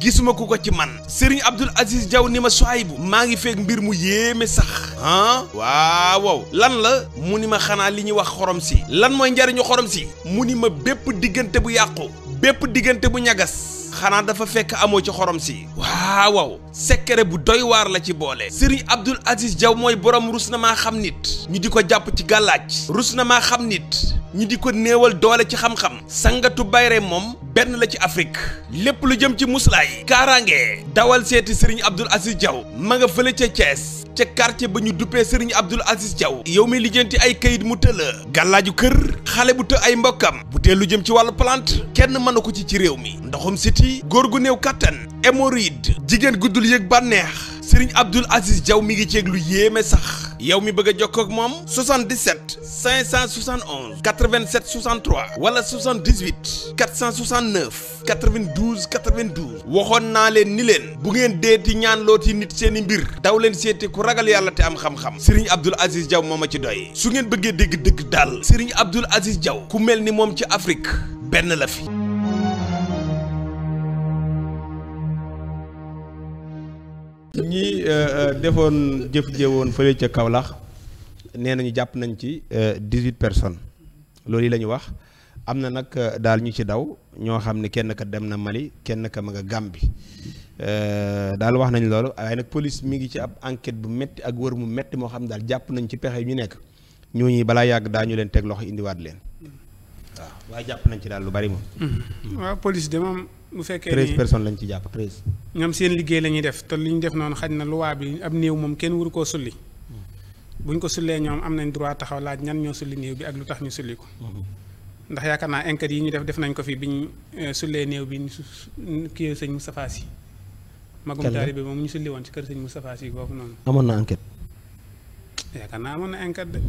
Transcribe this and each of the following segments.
gisuma ku ko ci man Serigne Abdoul Aziz jaw ni ma bu maa ngi feeg mbir mu yéeme sax waawaw lan la mu ni ma xanaa li ñuy wax xorom si lan mooy njariñu xorom si mu ni ma bépp diggante bu yàqu bépp diggante bu ñagas xanaa dafa fekk amoo ci xorom si waaw secret bu doy waar la ci boole Serigne Abdoul Aziz jaw mooy borom rus na maa xam nit ñu di ko jàpp ci gàllaaj rus na maa xam nit ñu di ko néewal doole ci xam-xam sangatu bayre moom benn la ci Afrique lépp lu jëm ci muslaay kaaraange dawal seeti Serigne Abdoul Aziz Diaw ma nga fële ca Thiès ca quartier ba ñu duppee Serigne Abdoul Aziz Diaw yow mi lijjanti ay kayit mu tëla gàllaaju kër xale bu të ay mbokkam bu lu jëm ci wàllu plante kenn mënu ko ci ci réew mi ndoxum siti góor gu néew kàttan hémorroïde jigéen guddul yëg bànneex Serigne Abdoul Aziz jaw mi ngi ceeg lu yéeme sax yow mi bëgg a jokkoo ak moom 77 571 87 63 wala 78 469 92 92 waxoon naa leen ni leen bu ngeen deeti ñaan yi nit seeni mbir daw leen seeti ku ragal yàlla te am xam-xam Serigne Abdoul Aziz Diaw moo ma ci doy su ngeen bëggee dégg dëgg daal Serigne Abdoul Aziz Diaw ku mel ni moom ci Afrique benn la fi. ñi euh, euh, defoon jëf jëwoon fële ca kawlax nee nañu jàpp nañ ci euh, dix-huit personnes loolu yi lañu wax am na nag daal ñu ci daw ñoo xam ni kenn ka dem na Mali kenn ka ma nga Gàmbi daal wax nañ loolu waaye nag police mi ngi ci ab enquête bu metti ak wër mu métti moo xam daal jàpp nañ ci pexe ñu nekk ñooñu balaa yàgg daa ñu leen teg loxo indiwaat leen. waaye jàpp nañ ci daal lu bari moom. Mm-hmm. waaw police de moom bu fekkee ni treize personnes lañ ci jàpp treize. ñoom seen liggéey la ñuy def te li ñu def noonu xaj na luwaa bi ab néew moom kenn waru koo sulli. Mm-hmm. bu ñu ko sullee ñoom am nañ droit taxaw laaj ñan ñoo sulli néew bi ak lu tax ñu sulli ko. Mm-hmm. ndax yaakaar naa enquête yi ñu def def nañ ko fi biñ euh, sullee néew bi kii sëñ Moustapha Sy. magum taalibe moom ñu sulli woon ci kër sëñ Moustapha Sy boobu noonu. amoon na enquête. yaakaar naa amoon na enquête de.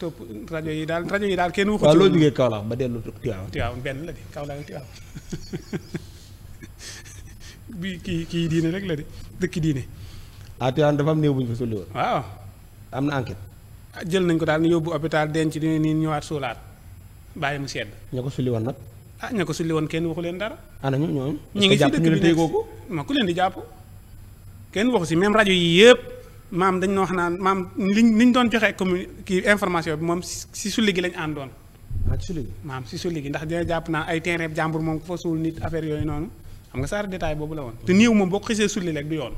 topp rajo yi daal rajo yi daal kenn waxu. waaw loo jógee Kaolack ba dellu Tiwaawan. Tiwaawan benn la de Kaolack ak Tiwaawan kii kii diine rek la de dëkki diine. ah Tiwaawan dafa am am na enquête. Ah, jël nañ ko daal ni yóbbu hôpital denc di ni ñëwaat suulaat bàyyi mu sedd. ñoo ko sulli woon nag. ah ña ko sulli woon kenn waxu leen dara. ana ñu ñooñu. ñu ngi si dëkk bi ñu ngi leen di jàpp ñu leen di jàpp. kenn waxu si même rajo yi yëpp. maam dañ noo wax naan maam liñ doon joxe commune kii information bi moom si sulli gi lañ àndoon. Ah, maam si sulli gi ndax dina jàpp naa ay terrain jàmbur moom ku fa suul nit affaire yooyu noonu xam nga saar détail boobu la woon. te néew moom boo ko xasee sulli rek du yoon.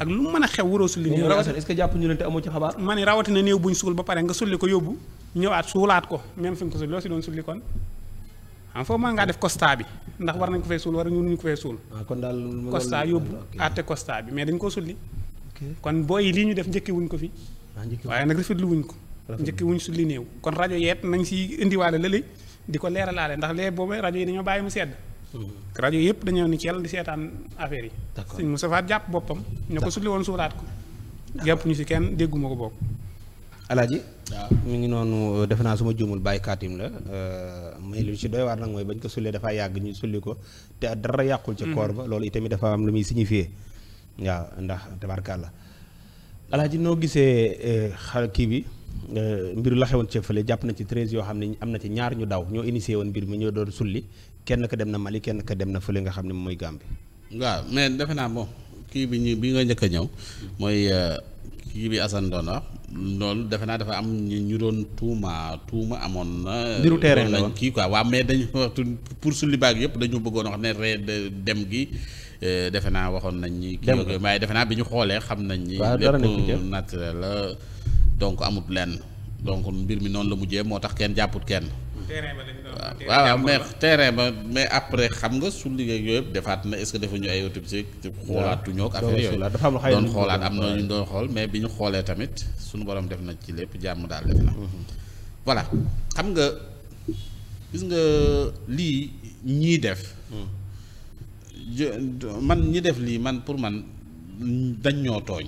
ak lu mu a xew waroo sulli néew ko yóbbu ñëwaat suulaat ko même fi nga ko sulli loo si doon sulli kon. foofu mën ngaa def constat bi ndax war nañ ko fay suul war nañu ko fay suul. Ah, constat yóbbu bi mais dañ koo sulli kon booy lii ñu def njëkke wuñ ko fi ah, waaye nag rafetlu wuñ ko njëkke wuñ li néew kon rajo yeet nañ si indiwaale lële di ko leeralaale ndax lee boobu rajo yi dañoo bàyyi mu sedd hmm. rajo yëpp dañoo ni ci yàlla di seetaan affaire yi sëñ mu Fall jàpp boppam ña ko sutli woon suulaat ko jàpp ñu si kenn dégguma ko bokk alaaji waaw mi ngi noonu euh, def naa suma ma juumul bàyyi kaatim la euh, may lu ci doy waar nag mooy bañ ko sullee dafa yàgg ñu sulli ko te dara yàqul ci hmm. koor ba loolu itamit dafa am lu muy signifié waaw ndax tabarkàlla alaaji noo gisee eh, xar kii bi eh, mbiru la xewoon ca fële jàpp na ci treize yoo xam ne am na ci ñaar ñu daw ñoo initié woon mbir mi ñoo doon sulli kenn ka dem na Mali kenn ka dem na fële nga xam ne mooy Gambie. waaw mais defe naa bon kii bi ñu bi nga njëkk a ñëw mooy eh, bi Assane doon wax defe naa dafa am ñu doon tuuma tuuma amoon na. mbiru terrain la woon kii quoi waaw mais dañu pour sulli baag yëpp dañu bëggoon wax ne ree dem gi. Euh, defe naa waxoon nañ ñi kii waaye defe naa bi ñu xoolee xam nañ ñi lépp naturel la donc amut lenn donc mbir mi noonu la mujjee moo tax kenn jàpput kenn waaw waaw mais terrain ba mais après xam nga su liggéey yooyu yëpp defaat na est-ce que defuñu ay autopsie xoolaatuñu ak affaire yooyu doon xoolaat am na ñu doon xool mais bi ñu xoolee tamit suñu borom def na ci lépp jàmm daal def na mm-hmm. voilà xam nga gis nga lii ñii def mm. man ñi def lii man pour man dañ ñoo tooñ.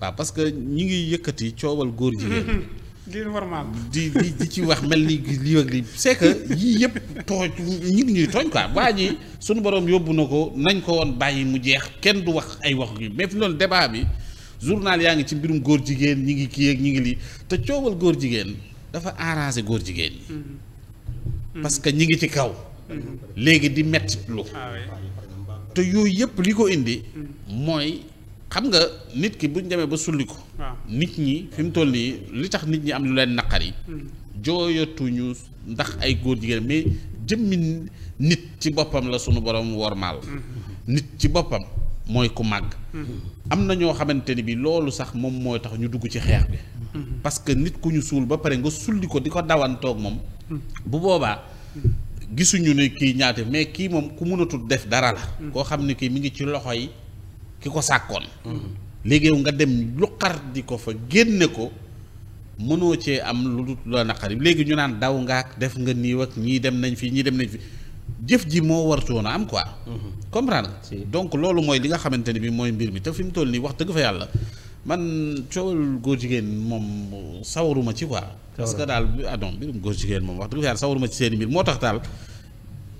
waa parce que ñi ngi yëkkati coowal góor jigéen. di di ci wax mel ni lii ak lii c'est yii yëpp tooñ ñi ngi tooñ quoi waa ji suñu borom yóbbu na ko nañ ko woon bàyyi mu jeex kenn du wax ay wax gi mais fi loolu débat bi journal yaa ngi ci mbirum góor jigéen ñi ngi kii ak ñi ngi lii te coowal góor jigéen dafa arrangé góor jigéen ñi. Mm-hmm. parce que ñi ngi ci kaw. léegi di mettit lu ah te yooyu yëpp li ko indi mm. mooy xam nga nit ki buñ demee ba sulli ko nit ñi fi mu toll nii li tax nit ñi am lu leen naqar yi mm. ñu ndax ay góor jigéen mais jëmmi nit ci boppam la sunu borom wormaal mm. nit ci boppam mooy ku màgg am na ñoo xamante ni bi loolu sax moom mooy tax ñu dugg ci xeex bi parce que nit ku ñu suul ba pare nga sulli ko di ko dawantoog moom bu boobaa gisuñu ne kii ñaate mais kii moom ku mënatul def dara la. Mm-hmm. koo xam ne kii mi ngi ci loxo yi ki ko sàkkoon. Mm-hmm. léegi nga dem lu xar di ko fa génne ko mënoo cee am lu la naqari léegi ñu naan daw ngaak def nga niiw ak ñii dem nañ fii ñii dem nañ fi jëf ji moo wartoon am quoi. Mm-hmm. comprendre nga. donc loolu mooy li nga xamante ne bi mooy mbir mi te fi mu toll nii wax dëgg fa yàlla. man coowal góor jigéen moom sawaruma ci quoi. parce daal ah non mbirum góor jigéen moom wax dëgg sawaruma ci seen mbir moo tax daal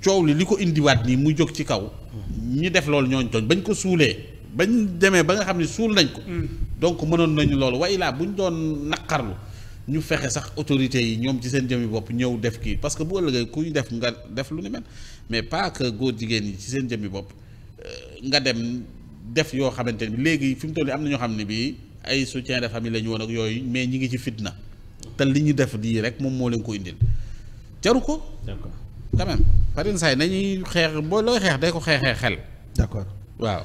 coow li li ko indiwaat nii mu jóg ci kaw. Hmm. ñi def loolu ñooñ tooñ bañ ko suulee. bañ demee ba nga xam ne suul nañ ko. Hmm. donc mënoon nañu loolu waaye laa bu ñu doon naqarlu ñu fexe sax autorités yi ñoom ci seen jëmmi bopp ñëw def kii parce que bu ëllëgee ñu def nga def lu ni mel mais pas que góor jigéen yi ci seen jëmmi bopp euh, nga dem. def yoo xamante ne bi léegi fi mu toll nii am na ñoo xam ne bii ay soutien de famille la ñu woon ak yooyu mais ñi ngi ci fitna te li ñu def di rek moom moo leen ko indil jaru ko. d'accord quand même. par exemple nañuy xeex boo looy xeex day ko xeexee xel. d'accord waaw.